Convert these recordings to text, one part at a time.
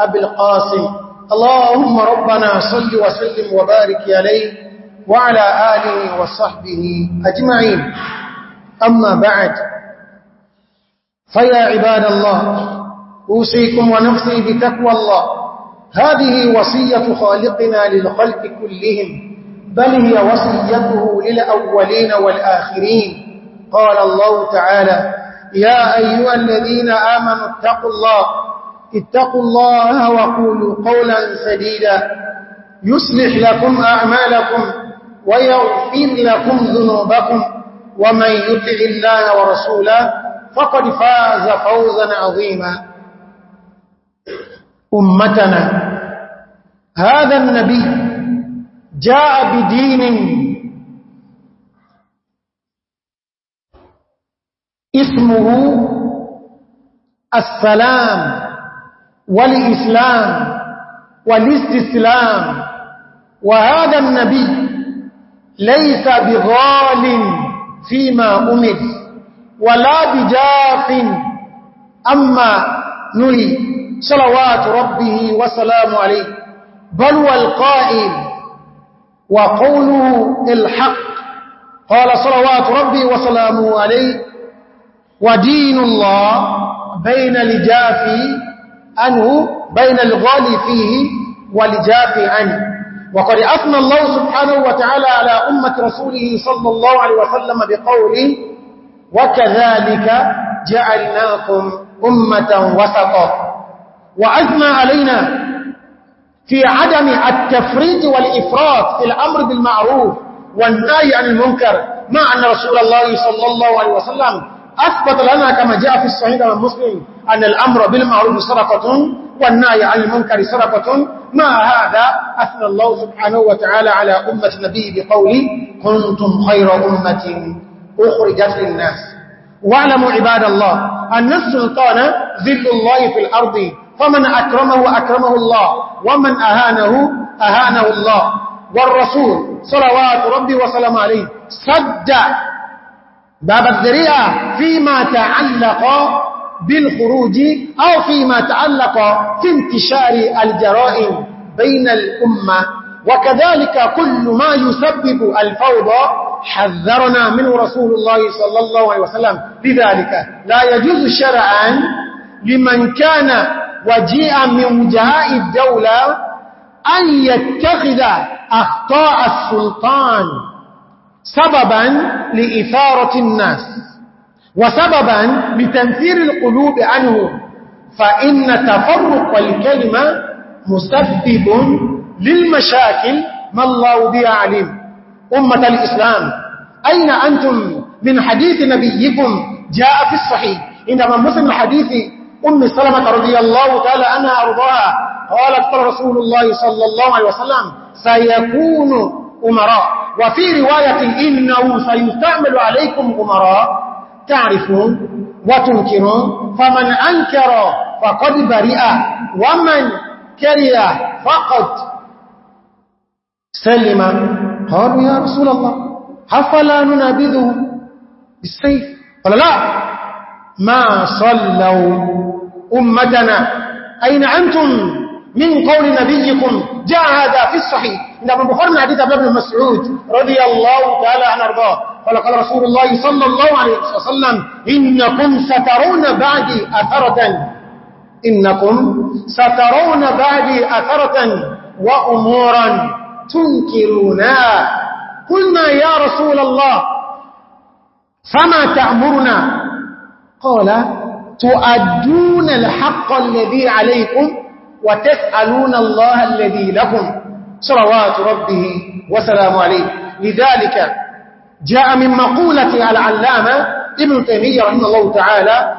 أبي القاسم اللهم ربنا صل وسلم وبارك عليه وعلى آله وصحبه أجمعين أما بعد فيا عباد الله أوصيكم ونفسي بتقوى الله هذه وصية خالقنا للخلق كلهم بل هي وصيته للأولين والآخرين قال الله تعالى يا أيها الذين آمنوا اتقوا الله اتقوا الله وقولوا قولا سديدا يصلح لكم أعمالكم ويغفر لكم ذنوبكم ومن يطع الله ورسوله فقد فاز فوزا عظيما أمتنا هذا النبي جاء بدين اسمه السلام والإسلام والاستسلام وهذا النبي ليس بغال فيما أمر ولا بجاف أما نري صلوات ربه وسلام عليه بل والقائل وقوله الحق قال صلوات ربي وسلامه عليه ودين الله بين لجافي أنه بين الغالي فيه والجاف عنه وقد أثنى الله سبحانه وتعالى على أمة رسوله صلى الله عليه وسلم بقوله وكذلك جعلناكم أمة وسطا وأثنى علينا في عدم التفريط والإفراط في الأمر بالمعروف والنهي عن المنكر مع أن رسول الله صلى الله عليه وسلم أثبت لنا كما جاء في الصحيح المسلم أن الأمر بالمعروف سرقة والنهي عن المنكر سرقة ما هذا أثنى الله سبحانه وتعالى على أمة نبيه بقوله كنتم خير أمة أخرجت للناس واعلموا عباد الله أن السلطان ذل الله في الأرض فمن أكرمه أكرمه الله ومن أهانه أهانه الله والرسول صلوات ربي وسلم عليه سد باب الذريعة فيما تعلق بالخروج أو فيما تعلق في انتشار الجرائم بين الأمة وكذلك كل ما يسبب الفوضى حذرنا منه رسول الله صلى الله عليه وسلم لذلك لا يجوز شرعا لمن كان وجيئا من وجهاء الدولة أن يتخذ أخطاء السلطان سببا لإثارة الناس وسببا لتنفير القلوب عنه فإن تفرق الكلمة مسبب للمشاكل ما الله بها عليم أمة الإسلام أين أنتم من حديث نبيكم جاء في الصحيح إنما مسلم حديث أم سلمة رضي الله تعالى أنا أرضاها قالت قال رسول الله صلى الله عليه وسلم سيكون أمراء وفي رواية إنه سيستعمل عليكم أمراء تعرفون وتنكرون فمن أنكر فقد برئ ومن كره فقد سلم قالوا يا رسول الله أفلا ننبذه بالسيف قال لا ما صلوا أمتنا أين أنتم من قول نبيكم جاء هذا في الصحيح إن أبو البخاري من حديث ابن مسعود رضي الله تعالى عن أرضاه قال قال رسول الله صلى الله عليه وسلم إنكم سترون بعدي أثرة إنكم سترون بعدي أثرة وأمورا تنكرونها قلنا يا رسول الله فما تأمرنا قال تؤدون الحق الذي عليكم وتسألون الله الذي لكم صلوات ربه وسلام عليه لذلك جاء من مقولة العلامة ابن تيمية رحمه الله تعالى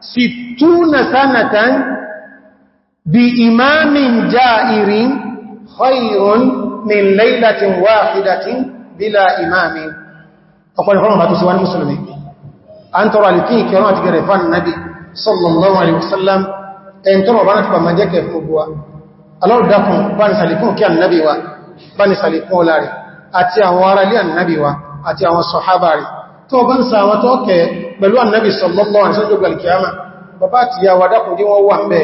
ستون سنة بإمام جائر خير من ليلة واحدة بلا إمام أقول لكم هذا سؤال المسلمين أن ترى لكي كرات قرفان النبي صلى الله عليه وسلم ẹn tọ́rọ bá náà ma jẹ́kẹ̀ fún gbogbo wa alọ́rùdákùn bá ní sàlìkún kí annabi wa bá ní sàlìkún láàrin àti àwọn ará ilé annabi wa àti àwọn sọ̀hábà rẹ̀ tó bá ń sàwọn sallallahu alaihi wasallam gbogbo alkiyama bàbá àti yàwó dákùn dí wọ́n wà ń bẹ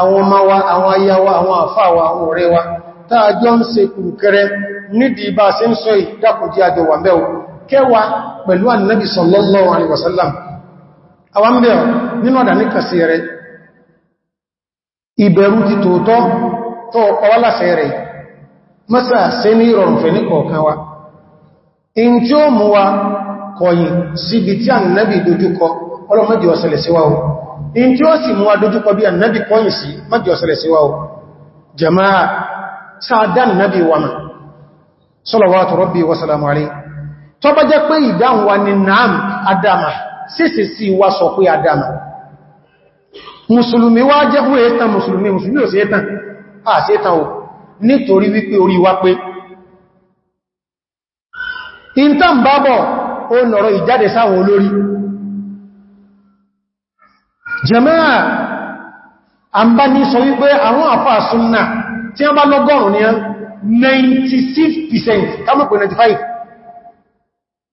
àwọn ọmọ wa àwọn aya wa àwọn àfà wa àwọn ọ̀rẹ́ wa tá a jọ ń pẹ̀lú annabi sallallahu alaihi wasallam àwọn bẹ̀rẹ̀ nínú ọ̀dà ìbẹ̀rù ti tòótọ́ tó ọwálàṣẹ́ rẹ̀ mọ́sà sí ní ìrọ̀rùn fẹ́ ní kọ̀ọ̀kan wa in tí ó mú wa kọ̀yìn síbi tí ànàbì dojúkọ ọlọ́mọ́dì ọ̀sẹ̀lẹ̀ síwá o in tí ó sì mú wa dojúkọ bí ànàbì kọ̀yìn sí mọ́dì ọ̀sẹ̀lẹ̀ síwá o jama'a sáadá ànàbì wa sọ pé adama mùsùlùmí wá jẹ́ fún ẹ̀ẹ́tàn mùsùlùmí mùsùlùmí ò sí ẹ̀ẹ́tàn à sí ẹ̀ẹ́tàn ò nítorí wípé orí wá pé ìntàn bábọ̀ ó nọ̀rọ̀ ìjáde sáwọn olórí jẹ́mẹ́rà àmbá ní sọ wípé àwọn àfáà súnnà tí wọ́n bá lọ́gọ́rùn ní 96% kámọ̀pẹ̀ 95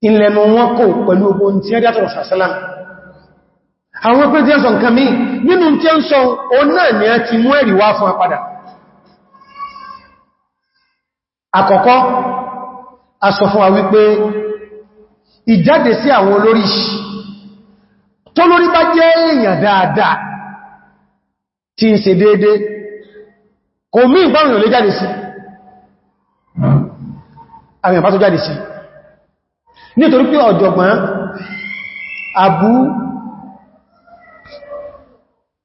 ìlẹ̀nù wọn kò pẹ̀lú ogun tí wọ́n dátọ̀rọ̀ sàṣálàmù àwọn pé tí ó sọ nǹkan míì nínú tí ó ń sọ o náà ni a ti mú ẹ̀rí wá fún apadà àkọ́kọ́ a sọ fún wa wípé ìjáde sí àwọn olórí tó lórí bá jẹ́ èèyàn dáadáa tí ń ṣe déédé kò mí ìgbàmì ò jáde sí àmì àpá tó jáde sí nítorí pé ọ̀jọ̀gbọ́n Abu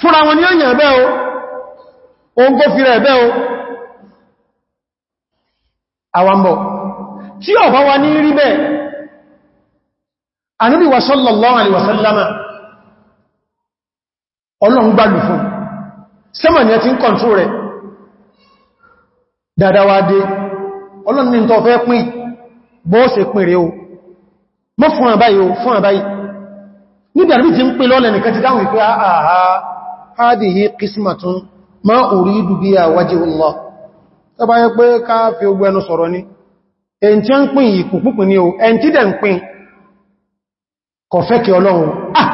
fúnra wọn ni ó yàn ẹ̀bẹ́ o oun kó fi rẹ̀ ẹ̀bẹ́ o àwàmbọ̀ tí ó wa ní rí bẹ́ẹ̀ Ànábì wa sallallahu alaihi wasallama ọlọ́run gbàlù fún sẹ́mọ̀ ni ẹ ti ń kọ̀ntú rẹ̀ dáadáwádé ọlọ́run ní tọ́ fẹ́ pín bọ́ọ̀sẹ̀ pín rẹ̀ o mọ́ fún àbáyìí o fún àbáyìí níbi ti ń pè lọ́lẹ̀ nìkan ti dáhùn ìpé àhàhà ha قسمة ما أريد بها وجه الله tọba yẹ pé ká fi ogun ẹnu sọ̀rọ̀ ní ẹn tí ó ń pín ìkù o ẹn tí dẹ̀ ń pín fẹ́ kí ọlọ́run ah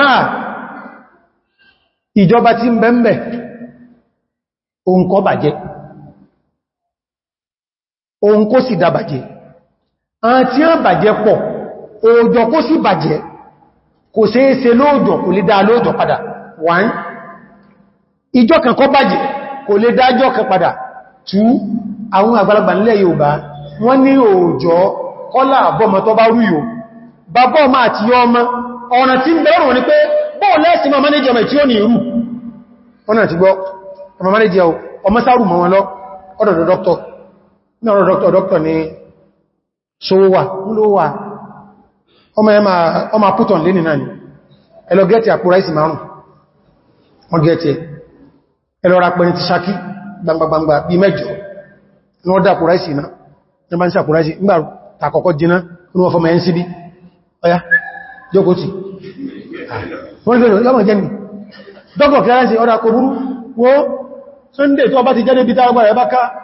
o ìjọba tí ń bẹ̀m̀bẹ̀ òun bàjẹ́ a à bàjẹ́ pọ̀ òòjọ́ kó sì bàjẹ́ kò ṣeéṣe lóòjọ́ kò lè dá lóòjọ́ padà one ìjọ kan kọ́ bàjẹ́ kò lè dájọ́ kan padà two àwọn àgbàlagbà nílẹ̀ Yorùbá wọ́n ní òòjọ́ kọ́lá àbọ́mọ tó bá rúyò bàbọ́ ọmọ ni ma ti ṣòwòwà múlòwà ọmọ pútọ̀ lè nìna ni ẹlọ gẹ́ẹ̀tì àpò ráìsì márùn wọ́n e ẹlọ ra pẹ̀rin ti ṣákí gbangbangbangba bí mẹ́jọ ní wọ́n dá àpò ráìsì náà ah, ní na ń sàpò ráìsì nígbà tàkọ́kọ́ jiná ní fọmọ ẹnsíbí ọya sunday ti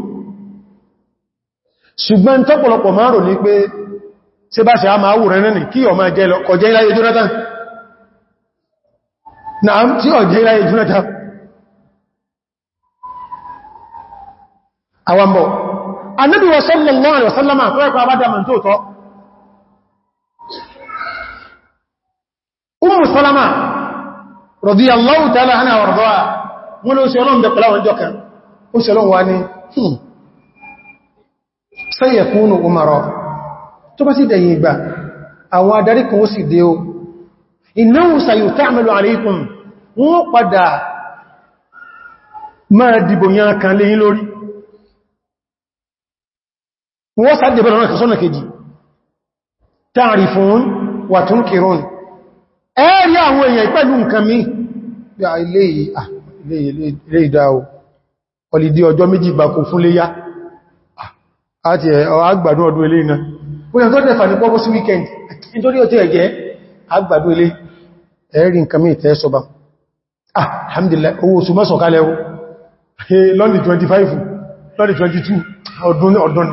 ṣùgbọ́n tọ́pọ̀lọpọ̀ máa rò ní pé ṣe bá ṣe a máa wùrẹ́ náà kí ọmọ kọjẹ́ iláyé Jonathan náà tí ó jẹ́ iláyé Jonathan àwọ̀mọ̀ Ànábì sallallahu alaihi wasallam Ummu fẹ́yẹ̀kúnù umarọ tó bá sì dẹ̀yìn ìgbà àwọn adarí kan ó sì dé o innahu sayuta'malu alaykum wọ́n padà máa dìbò yán kan lẹ́yìn lórí wọ́n sáàdẹ̀ bẹ̀rẹ̀ ọ̀nà sọ́nà kejì ta'rifun wa tunkirun ẹ̀rí àwọn èèyàn pẹ̀lú nǹkan mi ilé ìdáwò ọlìdí ọjọ́ méjì gbàkó fún léyá àti àgbàdo ọdún ilé iná wọ́n yàtọ́ dẹ̀fà ní pọ́pọ́ sí weekend nítorí ọjọ́ ẹ̀gẹ́ àgbàdo ilé ẹ̀rí nǹkan mí ìtẹ́ sọba ah, alhamdulillah owó oṣù mọ́sàn kalẹ̀ 25 lọ́nà 22 ọdún ọdún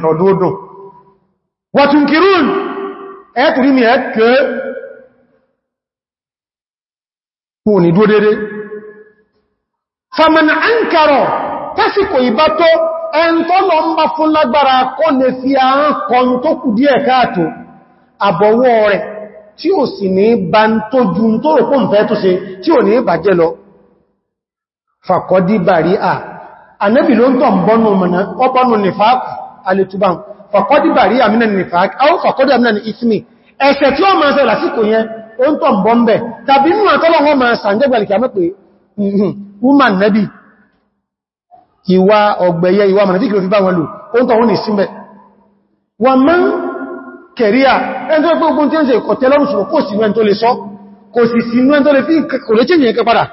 na ẹntọ́lọ ń bá fún lágbára kọ́ lè fi àán kan tó kù díẹ̀ káàtò àbọ̀wọ́ rẹ̀ tí ò sì ní bá ń tó ju tó rò kún fẹ́ tó ṣe tí ò ní bàjẹ́ lọ fàkọ́dí bàrí à anẹ́bì ló ń tọ̀ bọ́nù mọ̀nà ọpọnù nìfàákù alẹ́túbà fàkọ́dí bàrí àmìnà nìfàákù àwọn fàkọ́dí àmìnà ìwà ọ̀gbẹ̀yẹ ìwà mọ̀nàtíkì ló fi bá wọn lò ó ń tọ́ wọn ní símbẹ̀ wọ́n mọ́n kẹ̀ríà ẹni tó pé ogun tí ó ń ṣe ìkọ̀tẹ́ lọ́rùn ṣùgbọ́n kò sí wẹ́n tó lè sọ kò sì sí wẹ́n tó lè fi kò lè chíyàn kẹ padà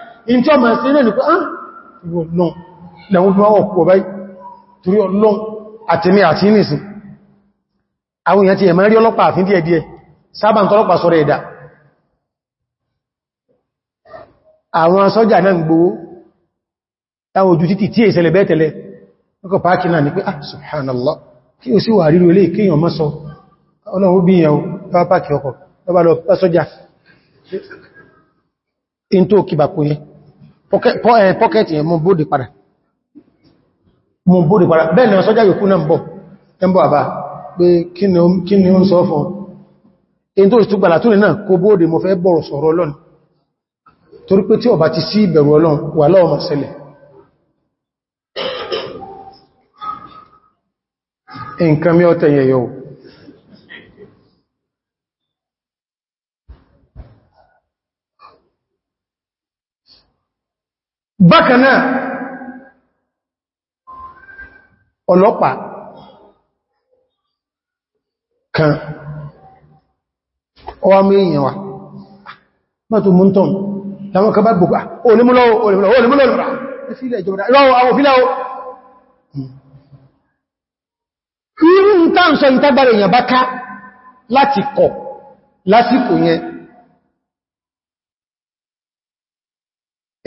ah, in àwọn sọ́jà náà ń táwọn ojú títì tí èsẹ̀lẹ̀ bẹ́ẹ̀tẹ̀lẹ̀ ọkọ̀ pàákì náà ni pé ah subhanallah kí o sí wà ríru ilé kíyàn mọ́ sọ ọlọ́run bí ìyàwó bá pàákì ọkọ̀ lọ́bà lọ pẹ́sọ́já in tó kìbà kò yẹ pọ́kẹ́tì yẹn eh, mọ́ bóde padà bẹ́ẹ̀ ni ọsọ́já yòókù náà bọ̀ ẹmbọ̀ àbá pé kí ni ó ń sọ fún in tó ìtúgbàlà torí pé tí ọba ti sí ìbẹ̀rù ọlọ́run wà lọ́wọ́ mọ̀ sẹlẹ̀ nǹkan mí ọ̀tẹ̀yẹ yóò bákanáà ọlọ́pàá kan ọwá mú èèyàn wa mọ́tò mú tọ́n láwọn kan bá gbogbo onímúlọ́wọ́ onímúlọ́wọ́ onímúlọ́wọ́ irú ń tàn sọ ìtagbàrẹ̀ èèyàn bá ká láti kọ̀ lásìkò yẹn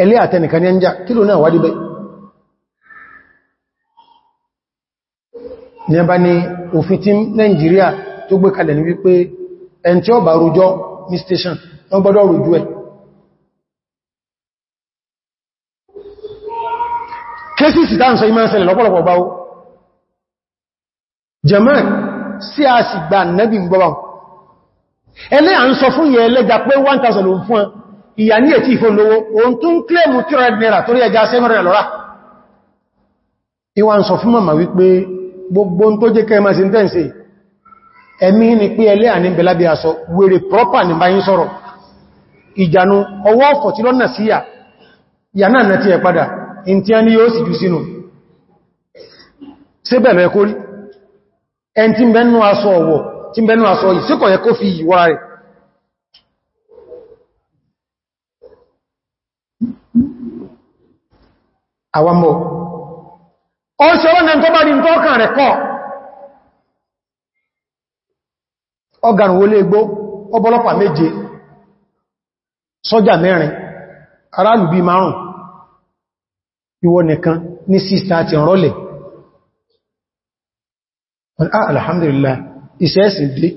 ẹlẹ́ àtẹnìkan ní ẹnjá kí ló náà wádìí bẹ́ ní ẹbá ni òfin tí Nàìjíríà tó gbé kalẹ̀ ní wípé ẹn tí ó bá rojọ́ ní station wọ́n gbọ́dọ̀ rojú ẹ̀ kéṣìsì tàn sọ ìmọ̀ ẹsẹ̀lẹ̀ lọ́pọ̀lọpọ̀ báwó jẹ́mọ́n sí a sì gba nẹ́bí gbọ́wà ẹlẹ́ à ń sọ fún yẹ ẹlẹ́gbà pé 1000 ló fún ìyà ní ètí ìfò lówó ohun tó ń kílẹ̀mù 300 naira torí ẹja 700 lọ́rá ìwà ń sọ fún màmá wípé gbogbo tó jẹ́ kẹma sí tẹ́ǹsẹ̀ ẹ̀mí ni pé ẹlẹ́ àní bẹ̀lábí aṣọ wèrè proper ní báyín sọ̀rọ̀ ìjànú ọwọ́ ọ̀fọ̀ tí lọ́nà sí yà náà nà ti ẹ̀ padà in tí a ẹn tí bẹnu aṣọ ọ̀wọ̀ tí bẹnu aṣọ ìsíkọ̀ yẹ kó fi ìwà rẹ̀ àwọmọ̀ ọ̀ṣọ́rọ̀ na tó bá ní tọ́kàn rẹ̀ kọ́ ọgàrùn olé igbó ọbọ́lọ́pàá méje sọ́jà mẹ́rin aráàlú bí márùn-ún ìwọ nìkan ní wọ́n ah alhamdulillah iṣẹ́ ẹ̀sì dé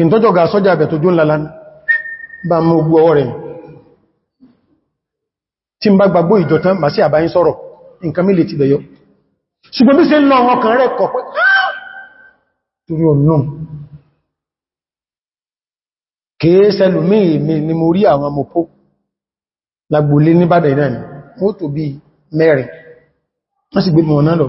in tọ́jọ́ ga sọ́jà àbẹ̀ tó jún lalan bá mú ogbú ọwọ́ rẹ̀ tí ń bá gbàgbó ìjọtán bá sí àbáyín sọ́rọ̀ nǹkan mílè ti bẹ̀yọ ṣùgbọ́n bí ṣe ń lọ ọkàn rẹ̀ kọ̀ pé ah! torí ọ̀nà kìí sẹ́lù míì ni mo rí àwọn mọ̀pó lágbòlé níbàdàn ìrìn mọ́tò bí mẹ́rin wọ́n sì gbé mọ̀ náà lọ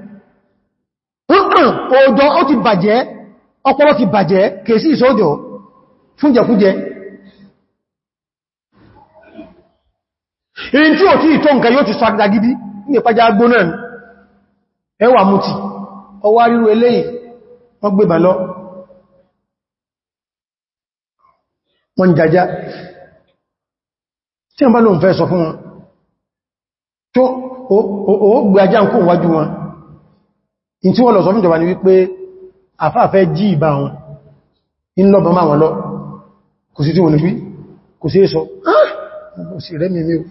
ọjọ́ ó ti bàjẹ́ ọpọlọ ti bàjẹ́ kèsí ìsọ́jọ́ fúnjẹkújẹ in tí ò tí ìtọ́ nǹkan yóò ti sọ agidagidi ní ìpájá agbóná ẹwà mú ti ọwá ríru eléyìí wọ́n gbé bà lọ wọ́n jajá tí wọ́n bá lóun fẹ́ sọ fún wọn tó ó gbé ajá ń kó wájú wọn in tí wọ́n lọ sọ fún ìjọba ni wípé àfáàfẹ́ jí ìbá wọn in lọ bá máa wọn lọ kò sí tí wọ́n níbi kò sí èso ah! kò sí rẹ̀ mẹ́mẹ́ o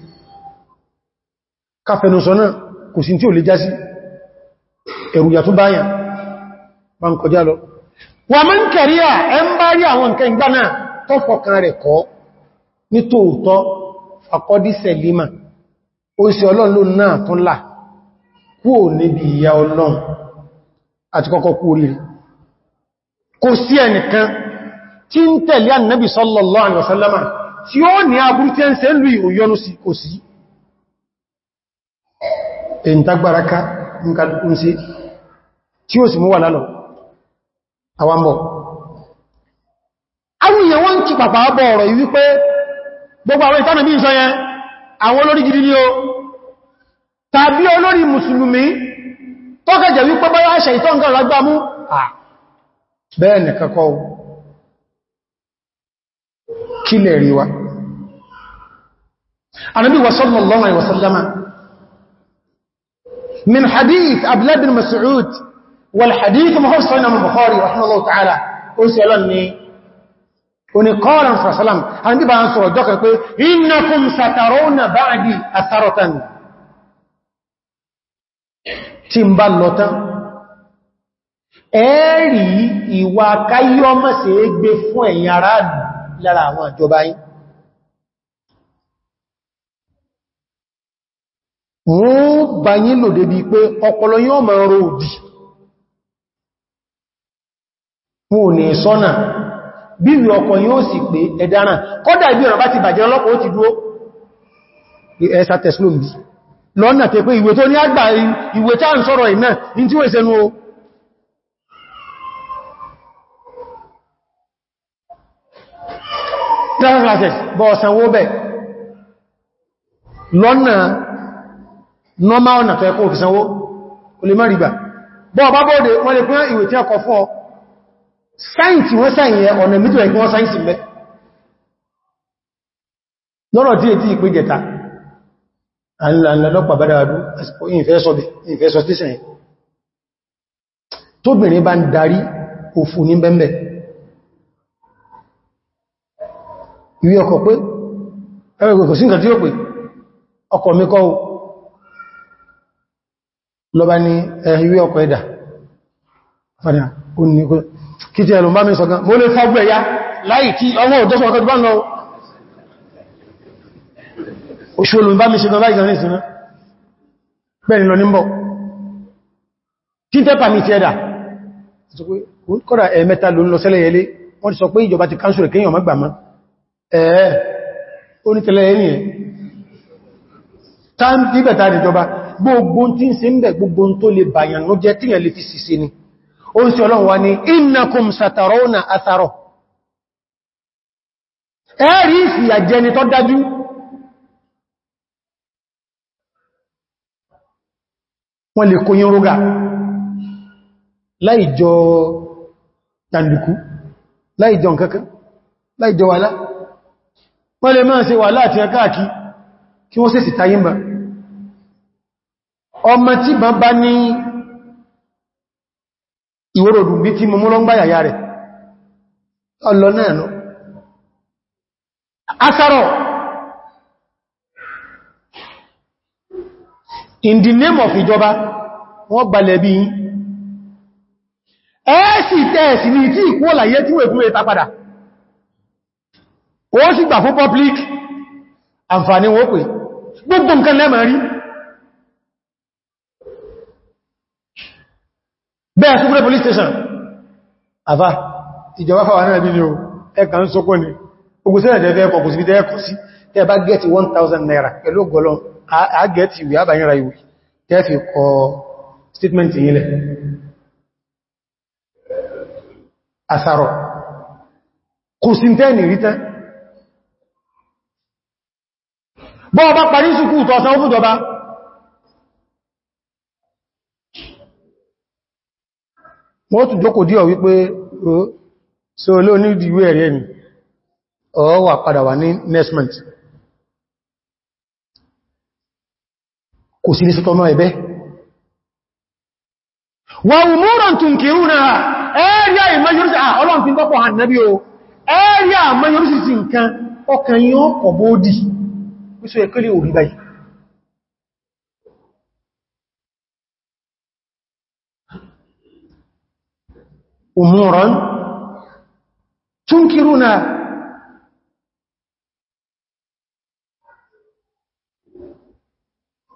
káfẹ́nusọ náà kò sí tí ò lè jásí ẹ̀rùyà tó báyàn bá ń kọjá lọ wà mọ́ ń kẹ̀ríà ẹ ń bá rí àwọn nǹkan ìgbà náà tó rẹ̀ kọ́ ní tòótọ́ fàkọ́dísẹ̀ lima ó sì ọlọ́run náà tún là kúò níbi ìyá ọlọ́run àti kọ́kọ́ kú oríire kò sí ẹnìkan tí ń tẹ̀lé Ànábì sallallahu alaihi wasallam tí ó ní aburú tí ń ṣe lú ìròyọ́nú sí kò sí ẹ̀ntàgbàraka nǹkan sí tí ó sì mú wà lálọ àwambọ̀ àwọn èèyàn wọ́n kí pàpà ó kẹjẹ̀ wípé báyá ṣe ìtọ́ nǹkan ragbá mú bẹ́ẹ̀ nìkankọ́ kí lè rí wa anábí sallallahu alaihi wasallam min hadith Abdullah bin Mas'ud wal hadith muhammad al-Bukhari rahimahullahu ta'ala ó sì ọlọ́ ni oni kọ́ọ̀lá sàrásálàm anábí bá ń sọ̀rọ̀ jọ́kẹ̀ pé innakum satarawna ba'di atharatan tí ń bá lọ́tán ẹ̀rí ìwà káyọ́mọ̀sẹ̀ gbé fún ẹ̀yin aráàlú lára àwọn àjọba yìí wọ́n bá yín lò débi pé ọpọlọ yíò mọ̀ ọrọ̀ òdì wọn ò ní sọ́nà bí i ọkọ̀ yíò sì pé ẹ̀dáràn kọ́dà ibi ọ̀rọ̀ bá ti bàjẹ́ ọlọ́pọ̀ ó ti dúró ẹ̀ẹ́sà tẹ̀sílòmìí lọ́nà tẹ pé ìwé tó ní àgbà ìwé tá ń ní tí ìsẹnu o tẹ́rẹ̀rẹ̀ bọ́ ọ̀sánwó bẹ̀ lọ́nà normal ọ̀nà tẹ́ kó òfìsánwó o lè má bọ́ ọba wọ́n lè pín ìwé tí ọkọ̀ fún ọ sáyìntì wọ́n ọ̀nà sáyìntì àńlọ́pàá bá dáadú ìfẹ́sọ̀ station tóbìnrin bá ń darí òfò ní bẹ́m̀bẹ̀ ìwé ọkọ̀ pé ẹgbẹ̀gbẹ̀ kò sí nǹkan tí ó pè ọkọ̀ mi kọ́ lọ́bá ní ìwé ọkọ̀ ẹ̀dà fàdà kí tí ẹlùmbá mi sọ̀gán mo lè fọ́gbẹ̀ ya láì kí ọwọ́ òjọ́sọ̀ ọkọ̀ oṣù olùmbá mi ṣe gan láìsàn ní ìsinmi bẹ́ẹ̀ lọ nímbọ̀ kí tẹ́pà mi ti ẹ̀dà kọ́dà ẹ̀mẹ́ta ló ń lọ sẹ́lẹ̀ yẹlé wọ́n ti sọ pé ìjọba ti káńsù rẹ̀ kéèyàn mọ́gbàmọ́ ẹ̀ẹ́ onítẹ̀lẹ̀ ẹni ẹ̀ tán bíbẹ̀ta ìjọba gbogbo tí ń ṣe ń bẹ̀ gbogbo tó ìfìyàjẹni tó dájú wọ́n lè kó yín láìjọ tàndùkú láìjọ nǹkankan láìjọ wàlá wọ́n lè máa ṣe wàlá àti ẹkáàkí kí wọ́n sì síta ọmọ tí bá bá ní ìwòròdù bí tí mọ́mọ́ lọ́n báyàyà rẹ̀ ọlọ náà nọ asárọ̀ in the name of ìjọba wọ́n gbalẹ̀ bí i ẹ́ẹ̀sì tẹ́ẹ̀sì ní tí ìkú òlàyé tí wèkú ẹta padà ó sì gbà fún public àǹfààní wọ́n pè gbogbo nǹkan lẹ́mọ̀ rí bẹ́ẹ̀ súnkúrẹ́ police station àfá ìjọba fàwà náà bí ní o ẹka ń sókó ni ogúnsẹ́rẹ̀ tẹ́fẹ́ ẹkọ̀ kò sí tẹ́ ẹkọ̀ sí tẹ́ bá gẹ́ẹ̀tì 1000 naira pẹ̀lú gọlọ́n àgẹ́ẹ̀tì ìwé àbáyínra ìwé tẹ́fẹ́ statement yìí lẹ̀ àsàrọ̀ kò sí tẹ́ẹ̀nì rítẹ́ bọ́ ọba parí sùkú tọ́sán ó fújọba wọ́n tún jókòó díọ̀ wípé o so ló ní ìdíwé ẹ̀rẹ́ ni ọ wà padà wà ní next month kò sí ní sọ́tọ́ náà ẹ̀bẹ́ wà umúràn tunkirú náà ẹ́rìà ìmẹ́yọrísì à ah, ọlọ́run fi gbọ́pọ̀ hàn nábí o ẹ́rìà ìmẹ́yọrísì sí nǹkan ọkàn yóò kọ̀bódì wíso ẹ̀kẹ́lẹ̀ orí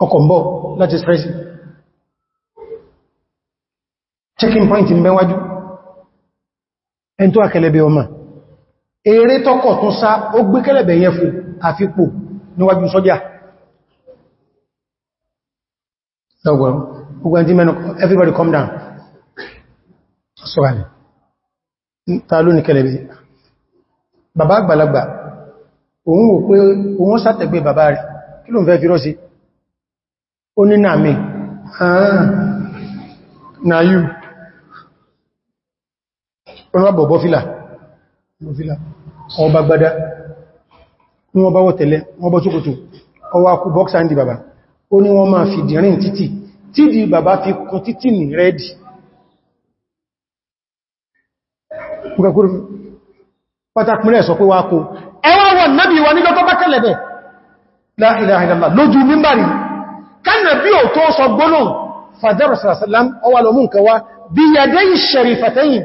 ọkọ̀ láti checking point ń bẹ wájú ẹn tó àkẹlẹ̀bẹ̀ ọmọ eré tọ́kọ̀ tún sá ó gbé kẹlẹ̀bẹ̀ yẹn fún àfipò níwájú sọ́jà everybody calm down sọ́wàní ta ló ní kẹlẹ̀bẹ̀ bàbá àgbàlagbà òun wò pé òun sátẹ̀gbé bàbá rẹ̀ kí ló ń fẹ́ fi rọ́ sí ó ní náà mi àà náà yìí rọ́bọ̀bọ̀ fílà ọba gbada ní wọ́n bá wọ́ tẹ̀lẹ̀ wọ́n bọ́ tókòtò ọwọ́ akú bọ́ksá ń di bàbá ó ní wọ́n máa fi dìrín títì tí di bàbá fi kún títì ní rẹ́dì pátákùnlẹ̀ sọ pé wákó ẹwà wọn nábi wa nígbà tó bá kẹlẹ̀ bẹ̀ la ilaha illallah lójú mímbàrí kánà bí ò tó sọ gbónà fàdẹ́rọ̀ ọwà lọ mú nǹkan wá bí yàdẹ́ ìṣẹ̀rìfàtẹ́yìn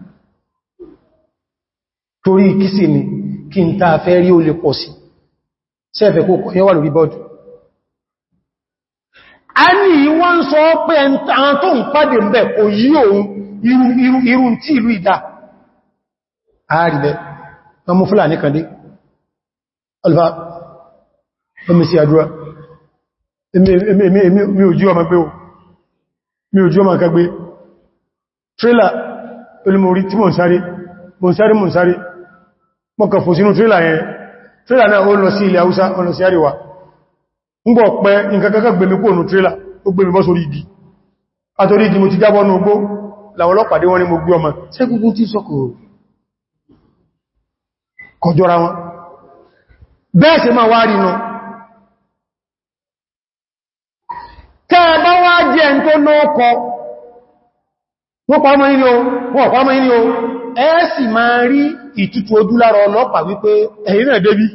torí kìsì ni kí n ta fẹ́ rí ó lè pọ̀ sí sẹ́fẹ̀ kó kọ̀yẹ́ wà lórí bọ́ọ̀dù a ní wọ́n sọ pé àwọn tó ń pàdé mẹ́ kò yí òun irú tí ìlú ìdá ààrìbẹ̀ wọ́n mi ò jí mi ò jí ọmọ kagbé trailer olùmọ̀rí tí mò ń sáré mò ń sáré mò ń sáré mọ́kàn fò sínú tírélà yẹn na náà ó lọ sí ilẹ̀ haúsá ọ̀nà sí àríwá ń gbọ́ pẹ́ nǹkankan gbẹ̀mí kó nù tírélà ó gbẹ̀mí bọ́ sórí igi àtorí igi mo ti jábọ́ ní ogbó làwọn ọlọ́pàdé ni mo ẹ́ẹ̀sì máa rí ìtútù ojú ọlọ́pàá wípé ẹ̀yìn náà débí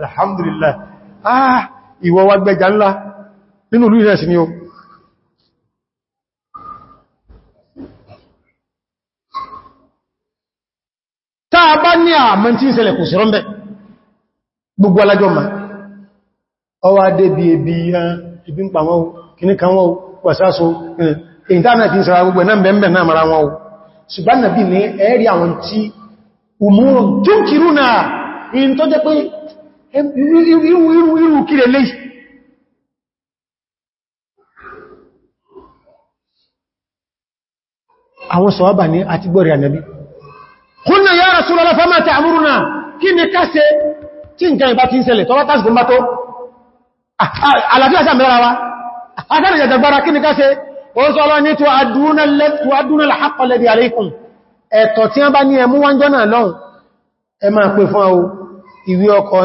alhamdulillah ah ìwọ wa gbẹja ńlá nínú ìlú ìrẹsì ni o táa bá ní àmọ́ tí ń kò sí rọ́mbẹ̀ gbogbo alájọ́ ma ọwá débi ebi ibi ń pàwọn kìníkan wọ́n wàsáso ìntánẹ̀tì ń sara gbogbo ẹ̀nà mẹ́mẹ́ mara ṣùgbọ́n nàbí ní ẹ̀rí àwọn tí umurun túnkìrú náà in tó jẹ́ pé irú kíre lè àwọn sọ̀wọ́bà ní àti gbọ́rẹ̀ ànàbí kúnnà ya Rasulullah fama ta'muruna kí ni ká ṣe tí nǹkan ìbá ti ń ṣẹlẹ̀ tọ́lá tásìkò mátó ah, ah, àlàfíà sàmìlára wa agbára ah, ìjàgbára kí ni ká wọ́n sọ ọlọ́ ní tó adúnà l'ápọ̀ lẹ́bí aléìkùn ẹ̀tọ̀ tí wọ́n bá ní ẹmú wọ́n jọ́nà lọ́un ẹ máa pè fún ọ ìwé ọkọ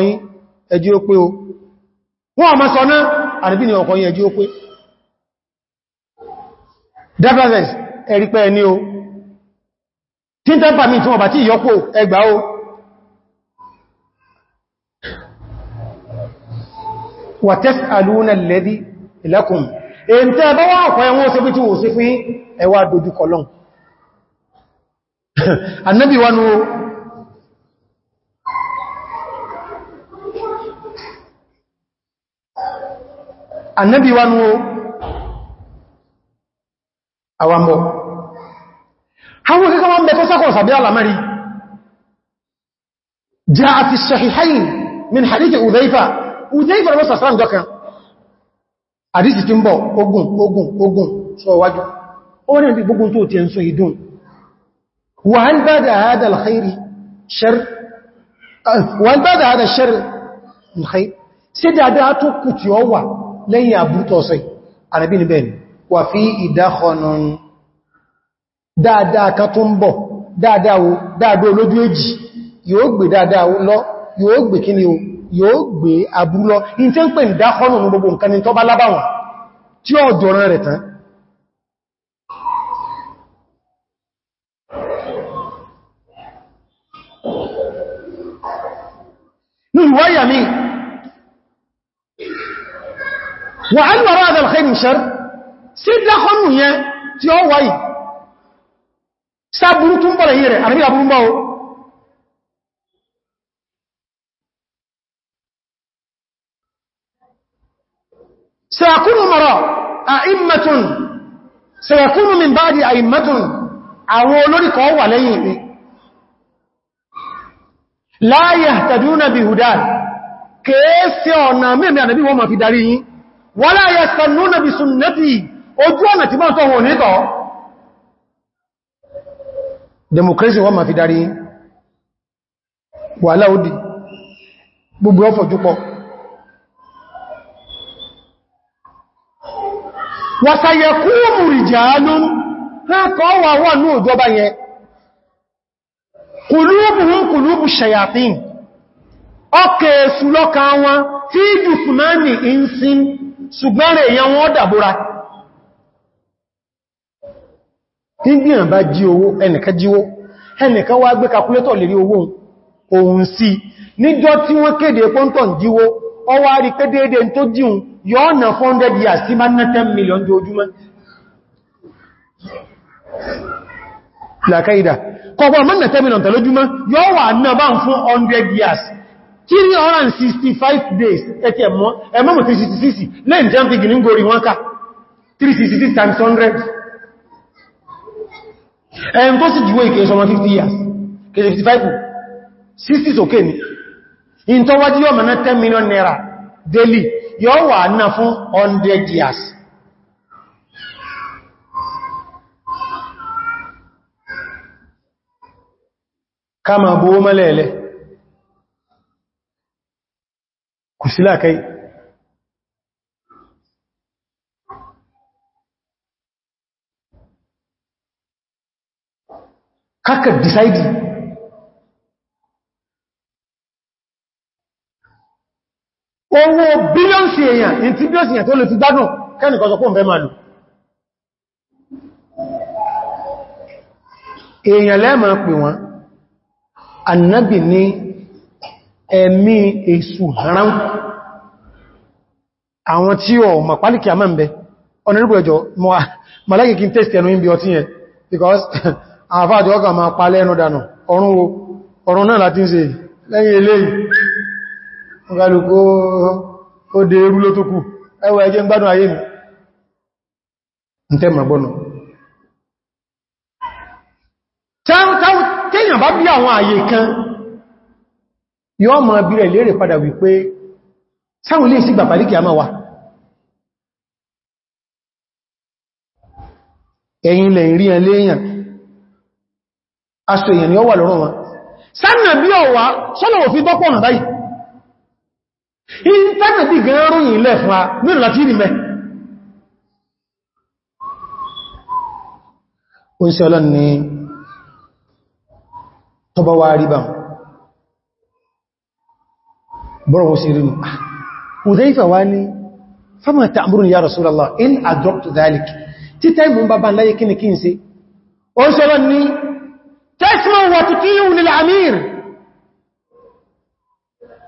ẹjí ó pé o wọ́n ọmọ sọ náà àríbí ni ọkọ ẹjí ó pé dẹ́fẹ́fẹ́s ẹ̀rí pẹ́ ẹni o tí tẹ́pà mi tí wọ́n tí ìyọ́pò ẹgbà o wà tẹ́sàlúnà èntẹ́ bá wà ọ̀pọ̀ ẹwọ́n sí pí tí wò sí fún ẹwà dojúkọ lọ́n annabi wanu annabi wanu awambo hawo kika wọn bẹ tó sákọ̀ sàbí alamari ja'at as-sahihayn min hadith udhaifa udhaifa rasulullah sallallahu àdísì tí ń bọ̀ ogun ogun ogun sọ wájú ó ní bí gbogbo tó ti ń sọ ìdún wà ń bá da hada alkhairi ṣar hada ṣar alkhair sí dáadáa tó kù tí ó wà lẹ́yìn àbútọ́ sai àrẹ́bí ni bẹ́ẹ̀ wà fi ìdáhọnun dáadáa kan tó ń bọ̀ dáadáa olójú èjì yóò gbé dáadáa lọ yóò gbé kí ni o yóò gbé àbúrúlọ in tí ń pè ń dákọ́nù ní gbogbo nǹkan ni tó bá lábàwọn tí ó jọran rẹ̀ tán ní ìwáyà mi wà á lọ́rọ̀ àdàlẹ̀ ìṣẹ́r sí dákọ́nù yẹn tí ó wáyì sáàbùrú túnbọ̀lẹ̀ yìí rẹ̀ àríbí àbúrúmbọ̀ سيكون مرا أئمة سيكون من بعد أئمة أولوري قوة ليه لا يهتدون بهدان كيسي ونامي من النبي وما في داري ولا يستنون بسنتي أجوانا تبانته ونهتو democracy وما في داري ولا láòdì gbogbo ọfọ̀ jùpọ̀ wàsàyẹ̀kúrù ìjàánú rákọ́ wà wà ní òjọba yẹ kùlúbùhún kùlúbù ṣayàtín ọkẹ̀ èsù lọ́ka wọn tí jùfùnánì ń sin ṣùgbẹ́rẹ̀ èyàn wọn dàbúra tíndìyàn bá jí owó ẹnìkan jíwó ẹnìkan wá gbé kalkulétọ̀ lérí owó òun sí níjọ́ tí wọ́n kéde pọ́ntọ̀ jíwó ọwá rí pé déédé tó jíun yóò na 400 years tí máa ná 10 million jojúmọ́ làkàídà kọ̀pọ̀ mọ́ na 10 million tàlójúmọ́ yóò wà náà bá ń fún 100 years 365 days ẹ̀tẹ̀ ẹ̀mọ́ ẹ̀mọ́ mọ̀ 366 lẹ́yìn jẹ́ ń fi gìní gorí wọn ká 366 times 100 ẹ̀m tó sì jùwé ìkẹ́ ìṣọ́mọ́ 50 years kẹ́ 55 60 is okay ni in tó wájú yóò mọ̀ ná 10 million naira daily yóò wà náà fún 100 years kama bó mẹ́lẹ̀ẹ̀lẹ̀ kù sílá kai kaka decide owó bílíọ̀nsì èèyàn ní tí bílíọ̀nsì èèyàn tó lè fi gbádùn kẹ́nìkan sọ fún bẹ́mà lò èèyàn lẹ́mà pè wọ́n annabi ní ẹ̀mí èsù àwọn tí ma pálíkì àmà ń bẹ ẹjọ́ kí n tẹ́sì ẹnu ọtí because àwọn ma pálẹ́ ẹnu dànù ọ̀run náà láti ń ọgbàlù kó dé irú ló tó kù ẹwà ẹjẹ́ gbádùn ayé mi ń tẹ́ mà gbọ́nà tẹ́yàn bá bí àwọn àyè kan yọ́ mọ̀ bí rẹ̀ lérè padà wípé sáwọn ilé ìsìgbà pàdíkì àmà wà ẹ̀yìn ilẹ̀ ìrìn ẹlẹ́yàn aṣọ èèyàn ni ó wà lọ́rọ̀ wọn sáàmì ọ̀wà sọ́lọ̀ òfin ìntánà bí gan ròyìn ilẹ̀ fún a nínú láti rí mẹ́ o ń se ọlọ́n ni tọba wa rí bá bọ́rọ̀wọ́ sí rí mú ah, Hudhayfa wá ní fama ta'muruni ya Rasulallah in adraktu dhalik tí táìmù bá bá láyé kí ni kí n se o ń se ọlọ́n ni tasma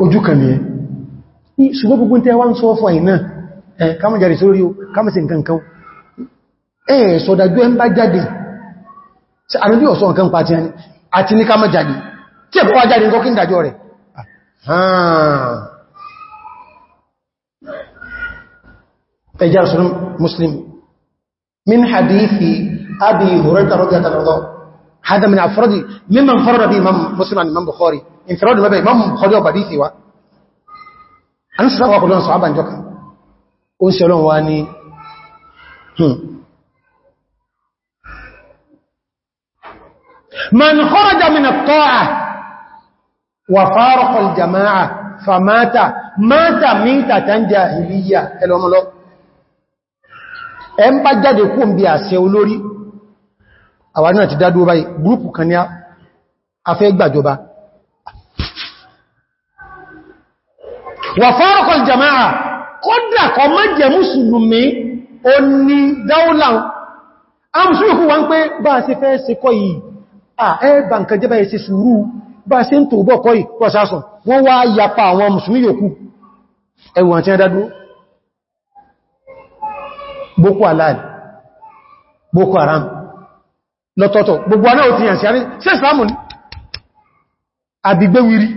ojú kan ní ẹ ṣùgbọ́n gbogbo tẹ́ wá ń sọ fún àìná ẹ kámọ̀ jàrí sórí o kámọ̀ sí nǹkan kan ẹ sọ̀dájú ẹ ń bá jáde sí àrùn bí ọ̀sọ́ nǹkan pàtí ẹni àti ní kámọ̀ jáde tí ẹ̀kọ́ wá jáde nǹkan kí rẹ̀ ẹjá sọ́rọ̀ muslim min hadithi abi hurairah radiyallahu anhu hada ìfẹ́rọ́dù mẹ́bẹ̀ imam bukhari ọba dìí síwá a ní sísáwà kò lọ́nà sọ àbà ìjọka ó ń ṣe ọlọ́run wá ní hmm. man kharaja min at-ta'a wa faraqa al-jama'a famata mata mitatan jahiliya àwọn náà ti dádó báyìí gúrùpù kan ní a fẹ́ wà fárọ̀kọ̀ jama'a kódà kọ má jẹ mùsùlùmí o ní dáúlà amùsùlùkú wọ́n pé bá a ṣe fẹ́ ṣe kọ́ yìí à ẹ́bà nǹkan jẹ́ bá ṣe sùúrù bá ṣe ń tó bọ́ kọ́ yìí pọ̀ sásọ̀ wọ́n wá yapa àwọn mùsùlùmí yòókù ẹwọ̀n tí dádú Boko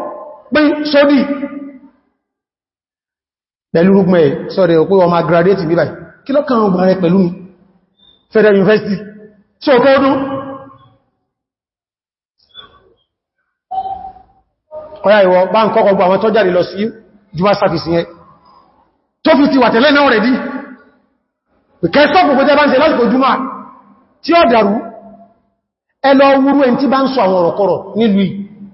pín sódì pẹ̀lú rúgbọ́n ẹ̀ sọ́rẹ̀ òpó ọmọ graduate bí báyìí kí lọ́kàn ọgbà rẹ pẹ̀lú mi Federal University tí ó kọ́ ọdún ọ̀yá ìwọ bá ń kọ́kọ́ gbọ́ àwọn tó jáde lọ sí jùwá sáfìsì yẹn tó fi ti wà tẹ́lẹ̀ náà rẹ̀ dí kẹsọ́pù pẹ́tẹ́ bá ń ṣe lásìkò jùmọ́ tí ó dàrú ẹlọ wúrú ẹn tí bá ń sọ àwọn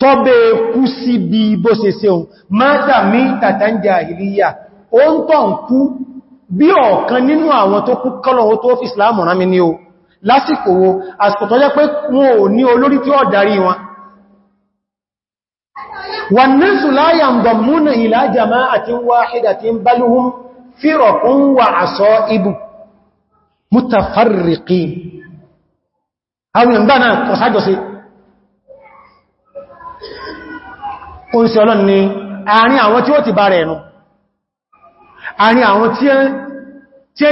tó bẹ́ kú sí bí bó ṣe ṣe ohun mátà mí tàtà ń jahiliya ó ń tọ́ ń kú bí ọ̀kan nínú àwọn tó kú kọ́lọ̀wọ́ tó fi Islam rán mi ní o lásìkò wo àsìkò jẹ́ pé wọn ò ní olórí tí ó darí wọn wọn ní sùláyà ń dọ̀múnà ó ń ṣe ọlọ́n ni àárín àwọn tí ó ti bá rẹ̀ ẹ̀nu àárín àwọn tí ẹ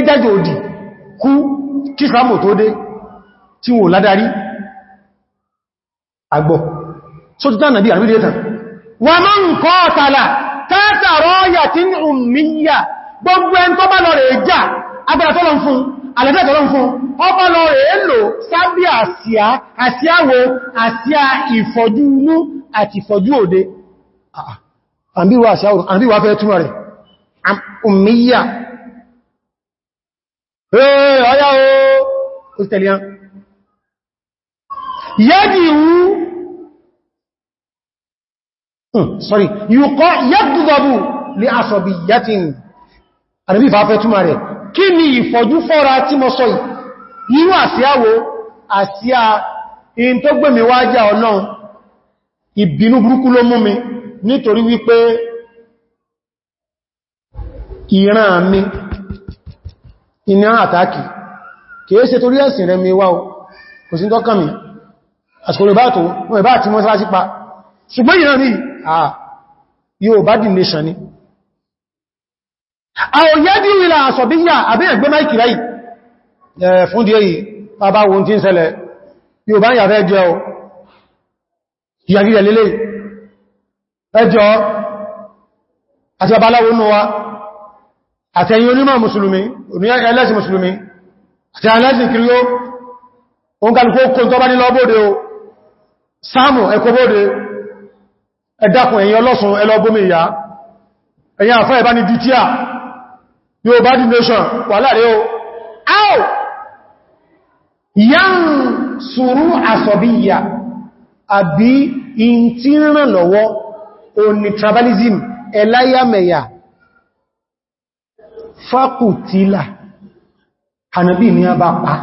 jẹ́jọ òdì kú kí ìsìlámù tó dé tí wọ́n ládarí àgbọ̀ sótítà nàbí àrídẹ́tàn wà mọ́ ń kọ́ ọ̀tàlà tátàrọ́ yàtín òmìyà gbogbo ẹn tó bá lọ rẹ̀ jà fún alẹ́gbẹ̀tọ́lọ́n lọ rẹ̀ sábí àsíá àsíáwò àsíá ìfọ̀jú inú àti ìfọ̀jú òde Ah, ah. àbíwà àṣàwòrán àbíwà fẹ́ túnmà rẹ̀ ọmọ̀míyà ẹ̀ẹ́ ọyá o tẹ̀lẹ̀yàn yẹ́dìwú hmm, sorry yùkọ́ yẹ́dùgbàbù lè asọ̀bì yẹ́tìn àbíwà fẹ́ túnmà rẹ̀ kí ni ìfọ̀jú fọ́ra tí mo sọ yìí àṣíyàwó àṣíyà in tó gbẹ̀mí wájá ọlọ́run ìbínú burúkú ló mú mi nítorí wípé ìran mi iná àtàkì kìí ṣe torí ẹ̀sìn rẹ̀ mi wá o kò sí tọ́kàn mi àsìkò lè bá tó wọ́n ìbá àti mọ́sálásí pa ṣùgbọ́n ìran rí à yóò bá dì nation ni àwọn yẹ́dí ìlà àṣọ̀bíyà àbí ẹ̀gbẹ́ máìkì ráì fún díẹ̀ yìí bàbá wọn ẹjọ́ àti babaláwo nù wa àti ẹ̀yin onímọ̀ mùsùlùmí ẹlẹ́sìn mùsùlùmí àti ẹlẹ́sìn kiri ó oun kàlùkú ó kún tó bá nílọ bóde o sáàmù ẹkọ bóde ẹ̀dàkùn ẹ̀yin ọlọ́sùn ẹlọ́gbómi ìyá ẹ̀yin àfá ẹ̀bá ni dìtíà yóò bá dì nation wà láàrẹ o áò yán sùúrù àsọ̀bíyà àbí in lọ́wọ́ òun ni tribalism ẹláyàmẹ̀yà fákùtílà hànàbí ní a bá pa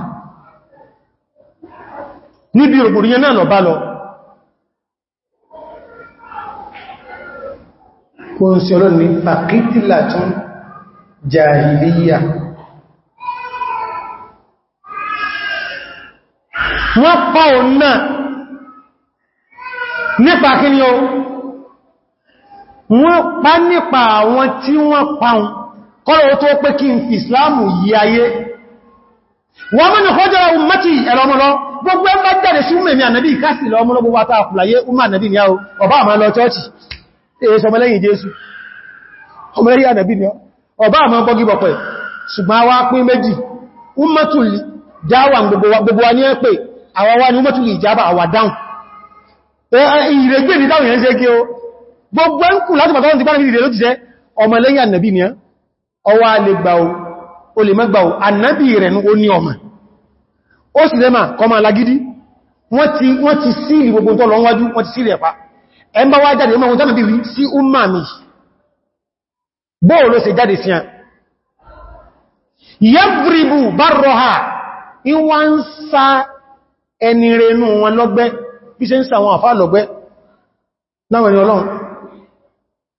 níbi ògbòrìyàn náà lọ bá lọ kò ń sí ọlọ́ni fàkítìlà tún jàhìlíyà wọ́n pa náà nípa kí ni ó wọ́n pa nípa àwọn tí wọ́n paun kọ́lọ̀ tó pé kí n fi islamu yí ayé wọ́n mọ́ ní kọjọ́ ummati ẹ̀lọ́mọ́lọ́ gbogbo ẹ bá jáde sí mẹ́mí ànàbí ìkásí lọ́mọ́lọ́ gbogbo àtà àpùlàyé umar ànàbí ni yáò ọba àmà lọ chọ́ọ̀chì èèṣọ́ mẹ́lẹ́yìn jésù ọmọlẹ́yìn ànàbí ni ọba àmà bọ́gíbọ̀pẹ̀ ṣùgbọ́n wá pín méjì ummatul dáwà gbogbo wa ní ẹ́ pé àwọn wá ní ummatul ìjábà àwà dáhùn ìrẹ́gbẹ̀ ní dáhùn yẹn ṣe kí o gbogbo ẹnkù láti bàtọ́ ti bá nàbí ìrẹ̀ ló ti jẹ́ ọmọ lẹ́yìn ànàbí ni ọwá lè gbà o o lè mẹ́gbà o ànàbí rẹ̀ ní ó ní ọmọ ó sì lẹ́mà kọmọ alágídí wọ́n ti sílì gbogbo tó lọ́wọ́jú wọ́n ti sílì ẹ̀pá ẹ bá wá jáde ọmọ tánà bí láwọn ẹni ọlọ́run